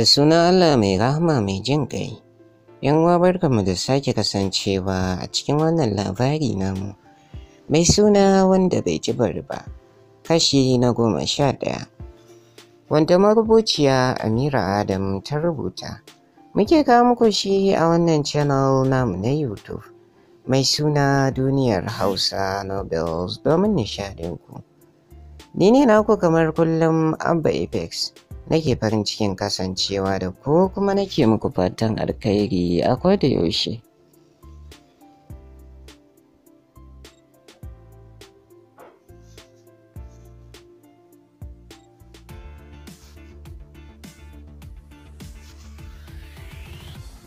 da suna Allah mai rahama mai jin kai, yan ƙai. bar barkanmu da sake kasancewa a cikin wannan labari namu. Mai suna wanda bai ji bari ba, kashi na goma sha ɗaya. Wanda marubuciya Amira Adam ta rubuta. Muke kawo muku shi a wannan channel namu na YouTube. Mai suna duniyar Hausa Nobels domin nishadinku. Ni ne naku kamar kullum Abba Apex. nake farin cikin kasancewa da ku kuma nake muku fatan alkhairi a da yaushe.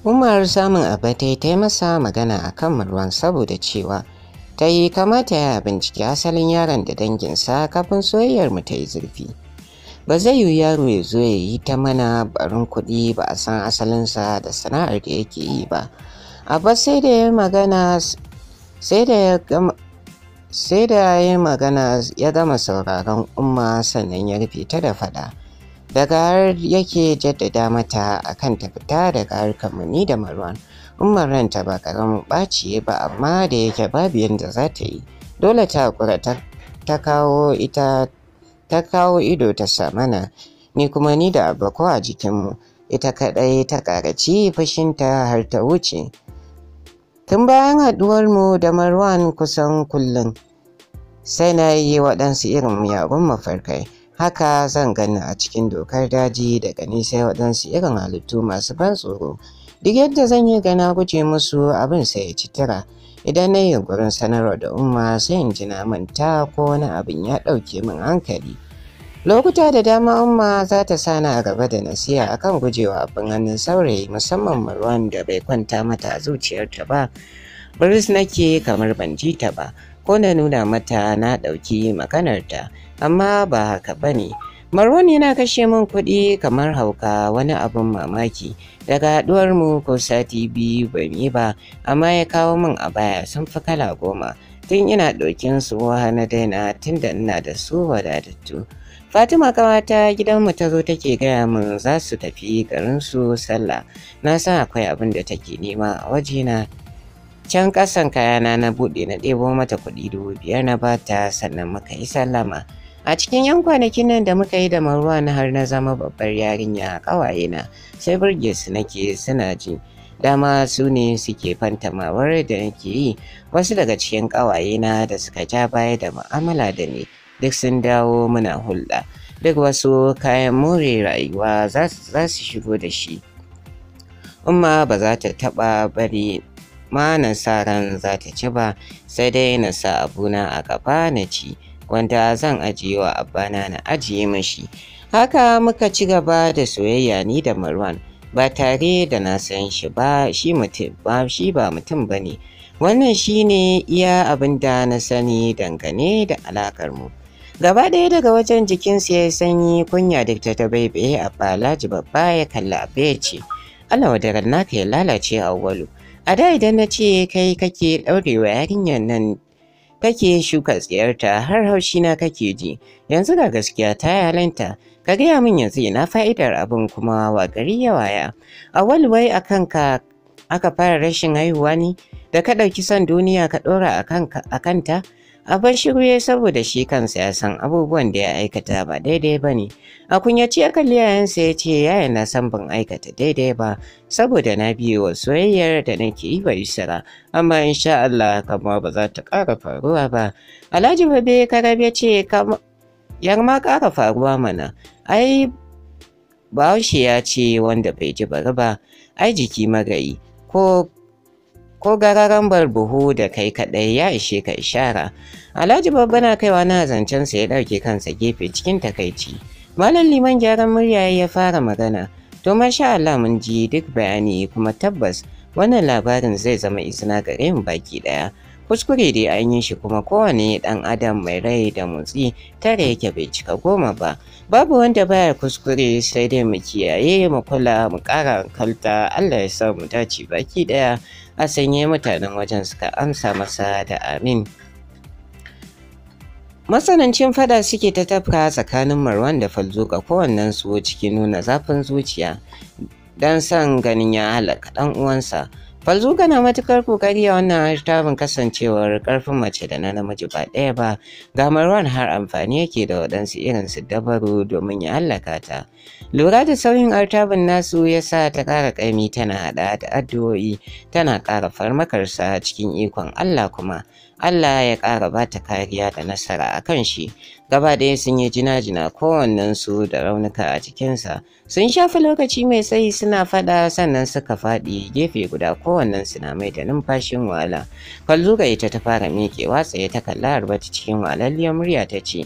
Umar samun abatai ta yi masa magana a kan ruwan saboda cewa ta yi kamata ya bincike asalin yaron da danginsa kafin soyayyar mu ta yi zurfi. ba zai yi yaro ya zo ya yi ta mana barin kuɗi ba a san asalinsa da sana'ar da yake yi ba abba sai da ya magana sai da ya sai da ya magana ya gama sauraron umma sannan ya rufe ta da faɗa daga har yake jaddada mata akan ta fita daga harkar muni da marwan umar ranta ba karamin ɓaci ba amma da yake babu yadda za ta yi dole ta ta kawo ita ta kawo ido ta samana ni kuma ni da abako a jikinmu ita kaɗai ta ƙaraci fashinta har ta wuce tun bayan haɗuwarmu da marwan kusan kullum sai na yi waɗansu irin miyagun mafarkai haka zan gani a cikin dokar daji daga nisa waɗansu irin halittu masu ban tsoro duk yadda zan yi gana guje musu abin sai ya ci tara idan na yi gurin sanarwa da umma sai in ji na manta ko wani abin ya ɗauke min hankali Lokuta da dama Umma za ta sana a gaba da nasiya a kan gujewa abin hannun saurayi musamman Marwan da bai kwanta mata zuciyarta ba. Biris nake kamar ban ji ta ba, ko na nuna mata na ɗauki maganarta, amma ba haka ba ne. Marwan yana kashe min kuɗi kamar hauka wani abin mamaki. Daga haɗuwar mu ko sati biyu ban yi ba, amma ya kawo min a baya sun fi kala goma. Tun ina ɗokin su na daina tun da ina da su wadatattu. Fatima kawata gidanmu ta zo take gaya mun za su tafi garinsu sallah. Na san akwai abin da take nema a wajena. Can ƙasan kayana na buɗe na ɗebo mata kuɗi dubu biyar na bata sannan muka yi sallama. A cikin yan kwanakin nan da muka yi da maruwa na har na zama babbar yarinya a ƙawayena sai burge su nake suna ji. dama su ne suke fantamawar da nake yi wasu daga cikin ƙawayena da suka ja baya da mu'amala da ni duk sun dawo muna hulɗa duk wasu kayan more rayuwa za su shigo da shi umma ba za ta taɓa bari ma na sa ran za ta ci ba sai dai na sa abuna a gaba na ci wanda zan ajiye wa abana na ajiye mashi haka muka ci gaba da soyayya ni da marwan ba tare da na san shi ba shi ba shi ba mutum bane wannan shine iya abin da na sani dangane da alakar mu Gaba ɗaya daga wajen jikinsu ya yi sanyi kunya duk ta ta baibaye a balaji babba ya kalla abu ya ce, Allah wadarar naka ya lalace a walu. A da idan na ce kai kake ɗaurewa yarinyar nan kake shuka tsiyarta har haushi na kake ji yanzu ga gaskiya ta yalanta ka gaya min yanzu ina fa'idar abin kuma wa gari ya waya A awal wai a kanka aka fara rashin haihuwa ne da ka ɗauki son duniya ka ɗora a kanta bar shiru ya saboda shi kansa ya san abubuwan da ya aikata ba daidai ba ne. A kunyaci ya kalli yayansa ya ce yaya na san ban aikata daidai ba saboda na biyo wa soyayyar da nake yi ba sara amma insha Allah kama ba za ta ƙara faruwa ba. Alhaji Babe Karab ya ce yar ma ƙara faruwa mana ai Bahaushe ya ce wanda bai ji bari ba ai jiki magayi ko ko gararan buhu da kai kaɗai ya ishe ka ishara. Alhaji babba na kaiwa na zancensa ya ɗauke kansa gefe cikin takaici. Malam liman gyaran murya ya fara magana. To masha Allah mun ji duk bayani kuma tabbas wannan labarin zai zama isna gare mu baki ɗaya. kuskure dai an yi shi kuma kowane dan adam mai rai da motsi tare yake bai cika goma ba babu wanda baya kuskure sai dai mu kiyaye mu kula mu kara kalta Allah ya sa mu dace baki daya Ya sanye mutanen wajen suka amsa masa da amin. Masanancin fada suke ta tafka tsakanin Marwan da Falzuka kowannen su cikin nuna zafin zuciya don son ganin ya halaka ɗan uwansa falzu na matukar kokari a wannan hashtagin kasancewar karfin mace da na namiji ba ɗaya ba ga Marwan har amfani yake da waɗansu irin su dabaru domin ya hallaka ta. Lura da sauyin artabin nasu ya sa ta ƙara ƙaimi tana haɗa da addu'o'i tana ƙara farmakarsa cikin ikon Allah kuma Allah ya ƙara ba ta kariya da nasara a kan shi. Gaba ɗaya sun yi jina-jina kowannensu da raunuka a cikinsa. Sun shafi lokaci mai tsayi suna faɗa sannan suka faɗi gefe guda kowannensu na mai da numfashin wahala. ga ita ta fara miƙewa tsaye ta kalla Harbatu cikin walalliyar murya ta ce,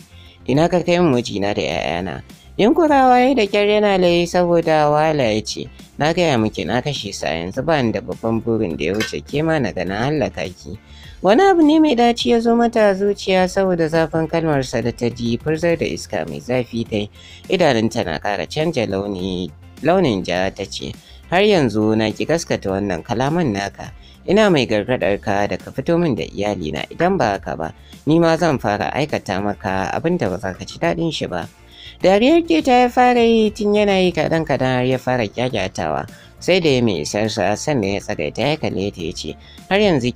Ina ka kai mijina da 'ya'yana. Yankurawa ya da kyar yana layi saboda wahala ya ce, Na gaya miki na kashe sa yanzu ba da babban burin da ya wuce ke ma na gana hallaka ki. Wani abu ne mai daci ya zo mata zuciya saboda zafin kalmarsa da ta ji furzar da iska mai zafi ta Idanunta na ƙara canja launi launin ja ta ce, Har yanzu na ki gaskata wannan kalaman naka. Ina mai gargaɗar ka da ka fito min da iyalina idan ba haka ba, ni ma zan fara aikata maka abin da ba za ka ci daɗin shi ba. Dariyar keta ya fara yi tun yana yi kaɗan kaɗan har ya fara kyakyatawa. sai da ya mai isarsa sannan ya tsagaita ya kalle ta ya ce har yanzu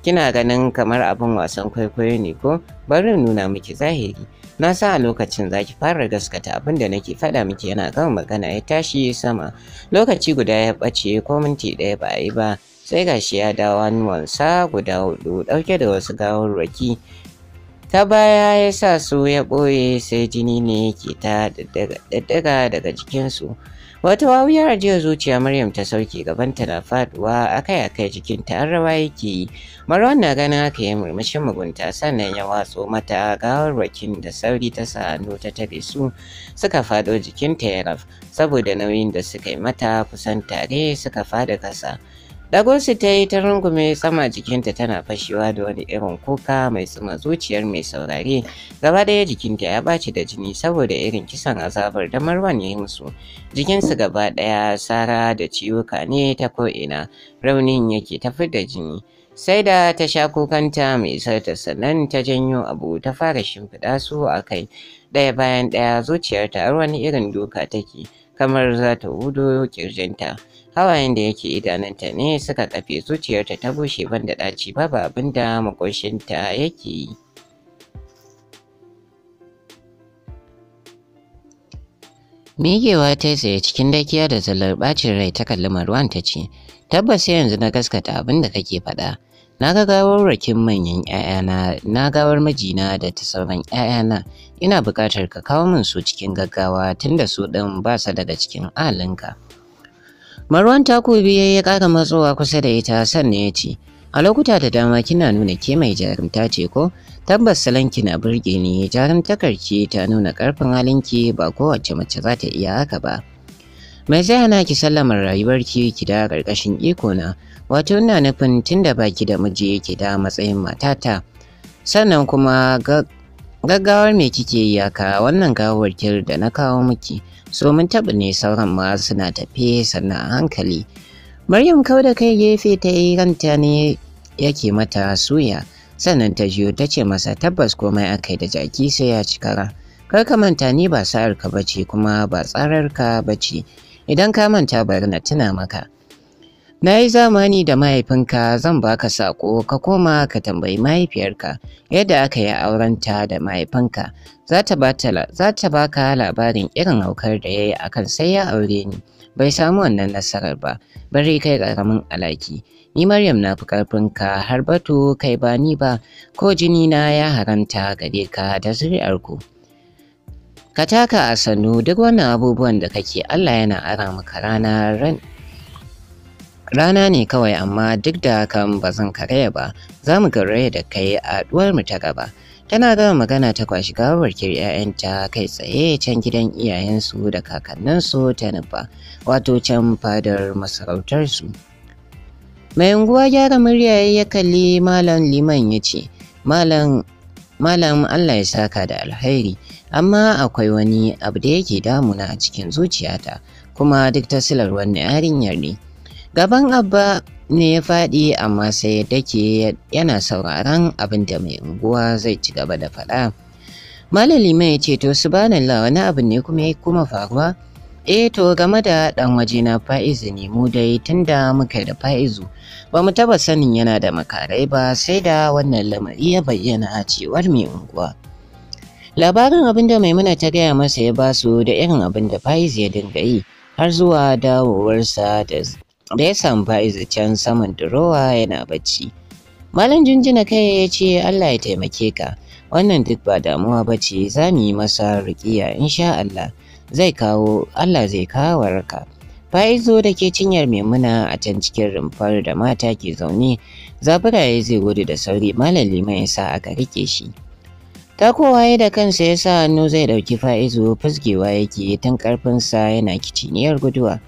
Kina ganin kamar abin wasan kwaikwayo ne ko? Bari nuna miki zahiri. Na sa a lokacin za ki fara gaskata abin da nake faɗa miki yana kan magana ya tashi sama. Lokaci guda ya ɓace ko minti ɗaya ba yi ba. Sai gashi ya dawo hannuwansa guda hudu ɗauke da wasu gawarwaki. ta baya ya sa su ya ɓoye sai jini ne ke ta daddaga daga jikinsu Wata wawuyar ajiyar zuciya Maryam ta sauke gabanta na faduwa akai-akai jikinta an rawa yake yi. Marwan na ganin haka ya murmushin mugunta sannan ya watso mata gawar gawarwakin da sauri ta sa hannu ta tabe su suka fado jikinta ya raf saboda nauyin da suka yi mata kusan tare suka fada kasa. Dagosu ta yi ta rungume sama jikinta tana fashewa da wani irin kuka mai tsuma zuciyar mai saurare. Gaba ɗaya jikinta ya ɓaci da jini saboda irin kisan azabar da Marwan ya yi musu. Jikinsu gaba ɗaya sara da ciwuka ne ta ko'ina raunin yake tafi da jini. Sai da ta sha kukanta mai sarta sannan ta janyo abu ta fara shimfiɗa su a kai. Ɗaya bayan ɗaya zuciyarta har wani irin doka take kamar za ta wudo ƙirjinta. hawayen da yake idanunta ne suka kafe zuciyarta ta bushe banda ɗaci babu abin da makoshinta yake yi Migewa ta tsaye cikin dakiya da zallar bacin rai ta kalli Marwan ta ce, Tabbas yanzu na gaskata abin da kake faɗa. Na ga gawar rakin manyan ‘ya'yana, na gawar majina da ta sauran ‘ya'yana, ina buƙatar ka kawo min su cikin gaggawa tunda su ɗin ba su daga cikin ahalinka. Marwan takobi biye ya ƙara matsowa kusa da ita sannan ya ce, A lokuta da dama kina nuna ke mai jarumta ce ko? Tabbas salanki na burge ni jarumtakarki ta nuna ƙarfin halinki ba kowace mace za ta iya haka ba. Mai zai hana ki sallamar rayuwarki ki da ƙarƙashin iko na, wato ina nufin tunda baki da miji ke da matsayin matata. Sannan kuma gaggawar me kike yi aka wannan gawar kir da na kawo miki so mun taɓa ne sauran ma suna tafe sannan a hankali maryam kau da kai gefe ta yi ranta ne yake mata suya sannan ta jiyo ta ce masa tabbas komai akai da jaki sai ya ci kara kar ka manta ni ba sa'arka bace kuma ba tsararka bace idan ka manta bari na tuna maka Na yi zamani da mahaifinka zan baka saƙo ka koma ka tambayi mahaifiyarka yadda aka yi aurenta da mahaifinka za ta ba baka labarin irin haukar da ya yi akan sai ya aure ni bai samu wannan nasarar ba bari kai ƙaramin alaki ni Maryam na fi ƙarfinka har bato, kai ba ni ba ko jini na ya haramta gare ka da zuri'arku. Ka taka a sannu duk wannan abubuwan da kake Allah yana ara maka rana ran Rana ne kawai amma duk da hakan ba zan karaya ba, za mu gauraya da kai a mu ta gaba. Tana gama magana ta kwashi gawar ‘ya'yanta kai tsaye can gidan iyayensu da kakanninsu ta nufa, wato can fadar masarautarsu. Mai unguwa gyara murya ya kalli Malam Liman ya ce, Malam Allah ya saka da alhairi, amma akwai wani abu da yake damuna a cikin zuciyata, kuma duk ta silar wani yarinyar ne. Gaban Abba ne ya faɗi amma sai ya dake yana sauraron abin da mai unguwa zai ci gaba da faɗa. Malami mai ce to subhanallah wani abu ne kuma ya kuma faruwa? Eh to game da ɗan na fa'izu ne mu dai tunda muka da fa'izu ba mu taba sanin yana da makarai ba sai da wannan lamari ya bayyana a cewar mai unguwa. Labarin abin da Maimuna ta gaya masa ya basu da irin abin da Faiz ya dinga yi har zuwa dawowarsa da da ya samu fa'iza can saman durowa yana bacci. Malam jinjina kai ya ce Allah ya taimake ka, wannan duk ba damuwa ba ce za mu yi masa rukiya insha Allah zai kawo Allah zai kawo waraka. Fa'izo da ke cinyar Maimuna a can cikin rumfar da mata ke zaune, ya zai gudu da sauri Malam Liman ya sa aka rike shi. Takowa ya da kansa ya sa hannu zai ɗauki fa'izo fuskewa yake tun ƙarfinsa yana kiciniyar guduwa.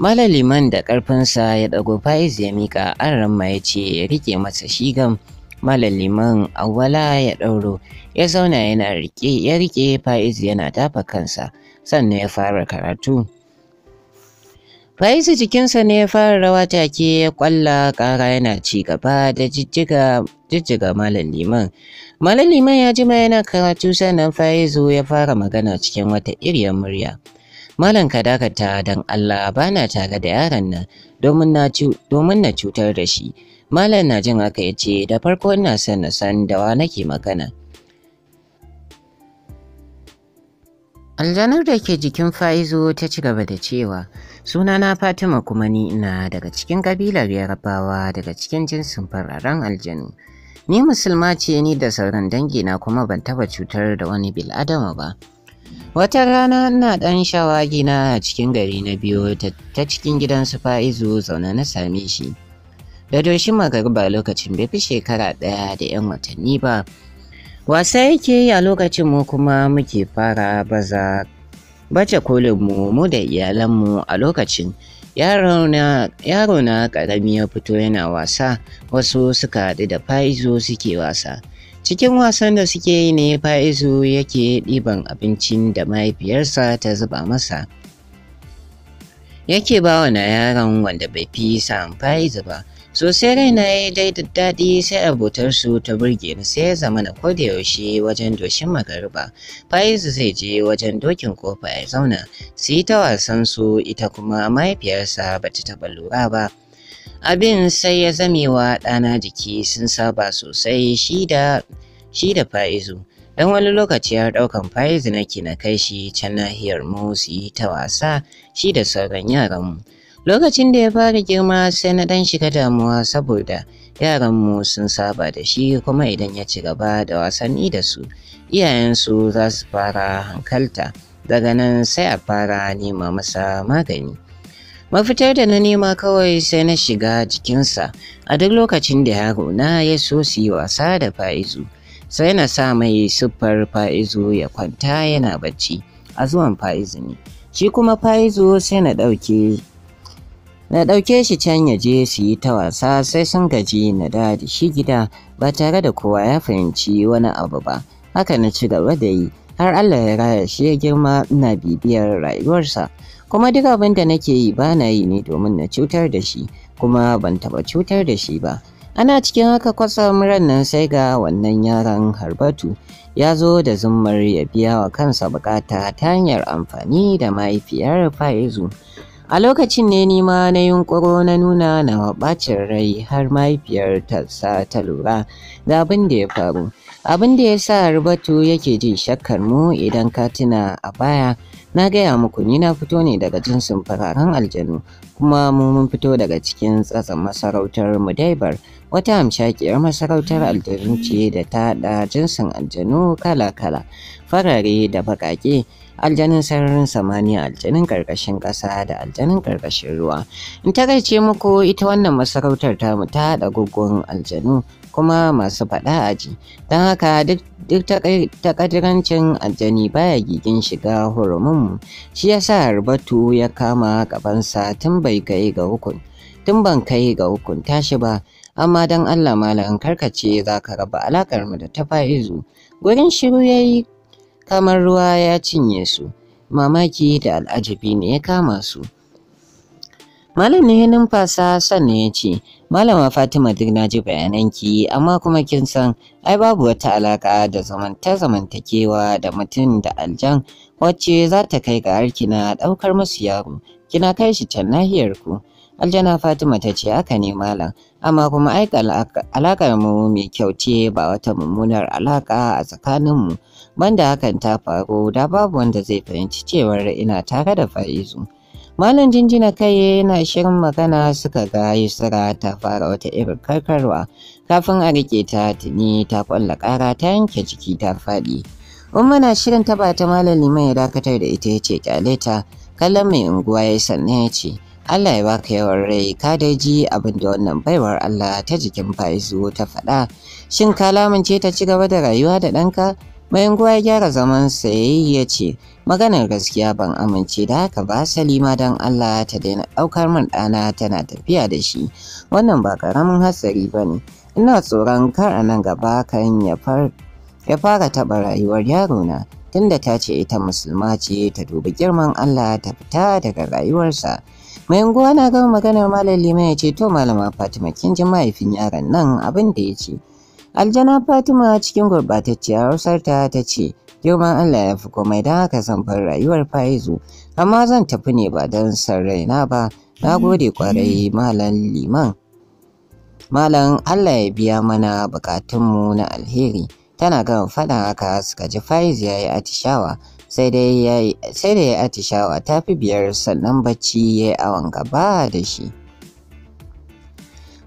Malam Liman da ƙarfinsa ya ɗago Faiz ya miƙa ramma ya ce ya rike masa shigam. Malam Liman awwala ya ɗauro ya zauna yana rike ya riƙe Faiz yana tafa kansa sannan ya fara karatu. Faiz jikinsa ne ya fara rawa take ya kwalla ƙara yana ci gaba da jijjiga jijjiga Malam Liman. Malam Liman ya jima yana karatu sannan Faizu ya fara magana cikin wata iriyar murya. Malam ka dakata don Allah bana tare da yaron nan domin na cutar da shi. Malam na jin haka ya da farko ina son na san da wa nake magana. Aljanar da ke jikin Faizo ta ci gaba da cewa sunana Fatima kuma ni ina daga cikin kabilar Yarabawa daga cikin jinsin fararen aljanu. Ni musulma ce ni da sauran dangina kuma ban taba cutar da wani bil'adama ba. Wata rana ina ɗan shawagi na a cikin gari na biyu ta cikin gidan su fa'izu zaune na same shi. Da doshin magarba lokacin bai fi shekara ɗaya da 'yan watanni ba. Wasa yake yi a lokacin kuma muke fara baza bace kolin mu mu da iyalanmu a lokacin yaro na karami ya fito yana wasa wasu suka haɗu da Faizu suke wasa cikin wasan da suke yi ne fa'izu yake ɗiban abincin da mahaifiyarsa ta zuba masa yake ba wa na yaron wanda bai fi san fa'izu ba sosai raina yi dai daɗi sai abotarsu ta burge ni sai ya zama na yaushe wajen doshin magariba fa'izu zai je wajen dokin kofa ya zauna su yi ta wasan su ita kuma mahaifiyarsa bata taɓa lura ba abin sai ya zamewa ɗana jiki sun saba sosai shi da fa'izu don wani lokaci har ɗaukan fa'izu nake na kai shi can nahiyar mu su yi ta wasa shi da sauran yaran mu lokacin da ya fara girma sai na ɗan shiga damuwa saboda yaran mu sun saba da shi kuma idan ya ci gaba da wasanni da su iyayensu za su fara hankalta daga nan sai a fara nema masa magani mafitar da na nema kawai sai na shiga jikinsa a duk lokacin da yaro na ya so su yi wasa da fa'izu sai na sa mai siffar fa'izu ya kwanta yana bacci a zuwan fa'izu ne shi kuma fa'izu sai na ɗauke shi can ya je su yi ta wasa sai sun gaji na da shi gida ba tare da kowa ya fahimci wani abu ba haka na ci gaba da yi har Allah ya raya shi ya girma ina bibiyar rayuwarsa kuma duk abin da nake yi ba na yi ne domin na cutar da shi kuma ban taɓa cutar da shi ba ana cikin haka kwatsam ran nan sai ga wannan yaran harbatu ya zo da zummar ya biya wa kansa bukata ta hanyar amfani da mahaifiyar fa'izu a lokacin ne nima na yunƙuro na nuna na ɓacin rai har mahaifiyar sa ta lura da abin da ya faru abin da ya sa harbatu yake jin shakkar mu idan ka tuna a baya Na gaya muku ni na fito ne daga jinsin fararen aljanu kuma mu mun fito daga cikin tsatsan masarautar Mudaibar wata hamshakiyar masarautar aljanu ce da ta haɗa jinsin aljanu kala-kala farare da baƙaƙe aljanin sararin samaniya aljanin ƙarƙashin ƙasa da aljanin ƙarƙashin ruwa. In ta gaice muku ita wannan masarautar tamu ta haɗa guggun aljanu kuma masu faɗa a ji don haka duk takadirancin aljani baya gigin shiga hurumin shi ya sa harbatu ya kama gabansa tun bai kai ga hukun tun ban kai ga hukunta shi ba amma don allah malam karkace za ka raba alakar mu da ta fa'izu gurin shiru ya yi kamar ruwa ya cinye su mamaki da al'ajabi ne ya kama su Malam ne ya numfasa sannan ya ce, Malama Fatima duk na ji bayananki amma kuma kin san ai babu wata alaka da zamanta zamantakewa da mutum da aljan wacce za ta kai ga harkina ɗaukar masu yaro, kina kai shi can nahiyar ku. Aljana Fatima ta ce haka ne malam, amma kuma ai alakar mu mai kyau ce ba wata mummunar alaka a tsakaninmu, banda hakan ta faru da babu wanda zai fahimci cewar ina tare da Faizu. Malam jinjina kai yana shirin magana suka ga Yusra ta fara wata irin karkarwa kafin a rike ta tuni ta kwalla ƙara ta yanke jiki ta faɗi. Umma na shirin taba ta malam liman ya dakatar da ita ya ce kyale ta kallon mai unguwa ya sannan ya ce Allah ya baka yawan rai ka dai ji abin da wannan baiwar Allah ta jikin Faizu ta faɗa shin ka lamince ta ci gaba da rayuwa da ɗanka Bayan kowa ya gyara zaman sa ya ce, maganar gaskiya ban amince da haka ba Salima don Allah ta daina ɗaukar min ɗana tana tafiya da shi. Wannan ba ƙaramin hatsari ba ne. Ina tsoron kar a nan gaba kan ya fara taɓa rayuwar yarona. tunda ta ce ita musulma ce ta dubi girman Allah ta fita daga rayuwarsa. Mai unguwa na gama maganar Malam Liman ya ce to Malama Fatima kin ji mahaifin yaron nan abin da ya ce. aljana fatima cikin gurɓatacciyar hausar ta ce girman allah ya fi komai don haka zan bar rayuwar faizu amma zan tafi ne ba don san raina ba na gode kwarai malam liman malam allah ya biya mana bukatunmu na alheri tana gama faɗin haka suka ji faiz ya yi atishawa sai da ya yi atishawa ta fi biyar sannan bacci ya yi awon gaba da shi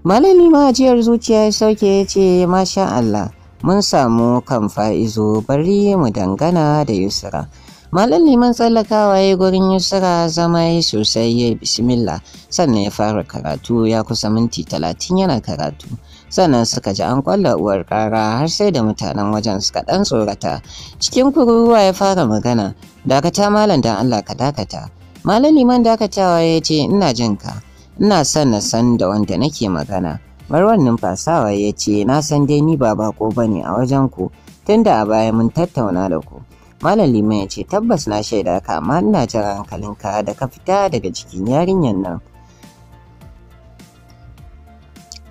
malami ma ajiyar zuciya ya sauke ya ce masha Allah mun samu kan fa'izo bari mu dangana da yusra malam liman tsallakawa ya gurin yusra zama ya sosai ya bismillah sannan ya fara karatu ya kusa minti talatin yana karatu sannan suka ji an kwalla uwar kara har sai da mutanen wajen suka dan tsorata cikin kururuwa ya fara magana dakata malam dan Allah ka dakata malam liman dakatawa ya ce ina jin ka ina son na san da wanda nake magana marwan numfasawa ya ce na san dai ni ba bako ba ne a wajen ku tunda a baya mun tattauna da ku malam liman ya ce tabbas na shaida ka amma ina jin hankalinka da ka fita daga jikin yarinyar nan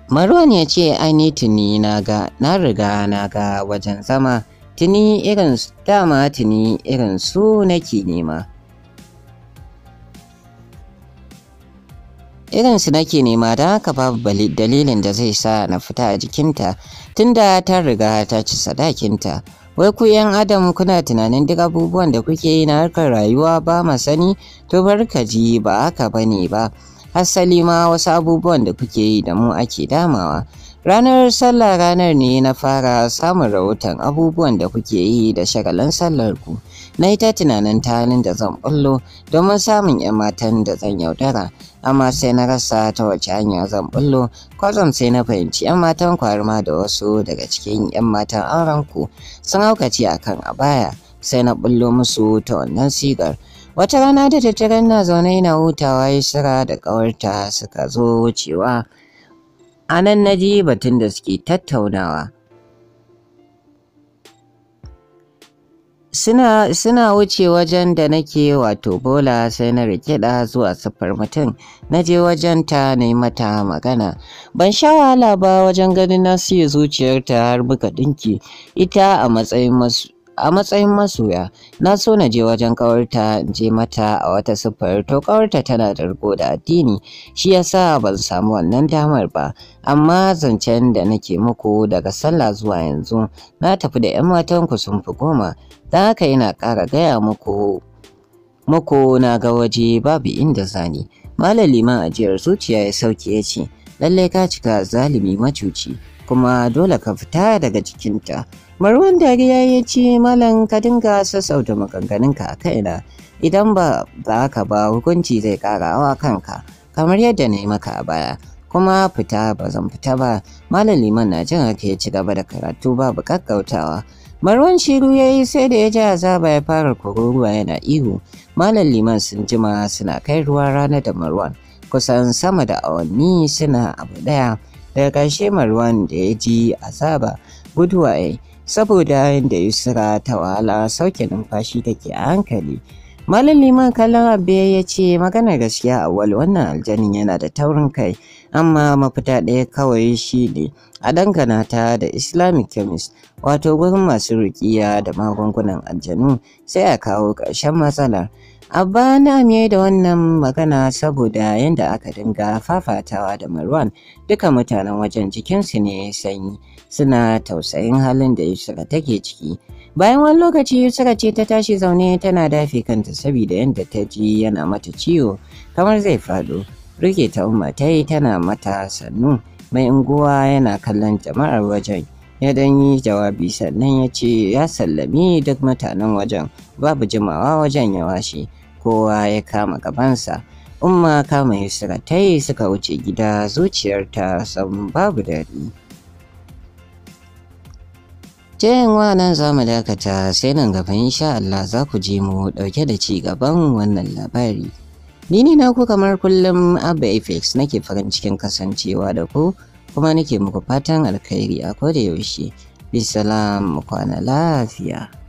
marwan ya ce ni tuni na ga na riga na ga wajen zama tuni irin dama tuni irin su nake nema irin su nake nema don haka babu dalilin da zai sa na fita a jikinta tunda ta riga ta ci sadakinta wai ku yan adam kuna tunanin duk abubuwan da kuke yi na harkar rayuwa ba ma sani to barka ji ba haka ne ba asali ma wasu abubuwan da kuke yi da mu ake damawa Ranar sallah ranar ne na fara samun rahoton abubuwan da kuke yi da shagalan sallar ku. Na yi ta tunanin ta da zan bullo domin samun 'yan matan da zan yaudara. amma sai na rasa ta wace hanya zan bullo kwazon sai na fahimci yan matan kwarima da wasu daga cikin yan matan auren ku sun haukace akan baya, sai na bullo musu ta wannan sigar wata rana da tattaren na zaune na hutawa ya sira da ƙawarta suka zo wucewa a nan na ji batun da suke tattaunawa suna wuce wajen da nake wato bola sai na rikida zuwa siffar mutum na je wajen ta na yi mata magana ban sha wahala ba wajen ganin na siya zuciyarta har muka dinki ita a matsayin masu. a matsayin masoya na so na je wajen kawarta je mata a wata siffar to kawarta tana da riko da addini shi yasa ban samu wannan damar ba amma zancen da nake muku daga sallah zuwa yanzu na tafi da 'yan matanku sun fi goma da haka yana ƙara gaya muku muku na ga waje babu inda zani malam liman ajiyar zuciya ya sauke ya ce lallai ka cika zalimi macuci kuma dole ka fita daga jikinta Marwan dariya ya ce malam ka dinga sassauta maganganunka a kaina idan ba za ka ba hukunci zai karawa kanka kamar yadda na yi maka a baya kuma fita ba zan fita ba malam liman na jin haka ya ci gaba da karatu babu kakkautawa Marwan shiru ya yi sai da ya ji azaba ya fara kururuwa yana ihu. Malam liman sun jima suna kai ruwa rana da Marwan kusan sama da awanni suna abu daya. Daga ƙarshe Marwan da ya ji azaba guduwa ya saboda inda Yusra ta wahala sauke numfashi take a hankali. Malam Liman kallon abu ya ce magana gaskiya awal wannan aljanin yana da taurin kai amma mafita ɗaya kawai shi ne a dangana ta da Islamic chemist wato gurin masu rukiya da magungunan aljanu sai a kawo ƙarshen matsalar. Abba na amiye da wannan magana saboda yadda aka dinga fafatawa da Marwan duka mutanen wajen jikinsu ne sanyi suna tausayin halin da Yusra take ciki. Bayan wani lokaci Yusra ce ta tashi zaune tana dafe kanta saboda yadda ta ji yana mata ciwo kamar zai faɗo. Rike ta umma tana mata sannu mai unguwa yana kallon jama'ar wajen ya dan yi jawabi sannan ya ce ya sallami duk mutanen wajen babu jimawa wajen ya washe kowa ya kama gabansa umma kama yusra ta yi suka wuce gida zuciyarta sun babu daɗi cikin nan za mu dakata sai nan gaba insha Allah za ku je mu ɗauke da ci gaban wannan labari ni ne na ku kamar kullum abba apex nake farin cikin kasancewa da ku kuma nake muku fatan alkhairi a koda yaushe bisalam kwana lafiya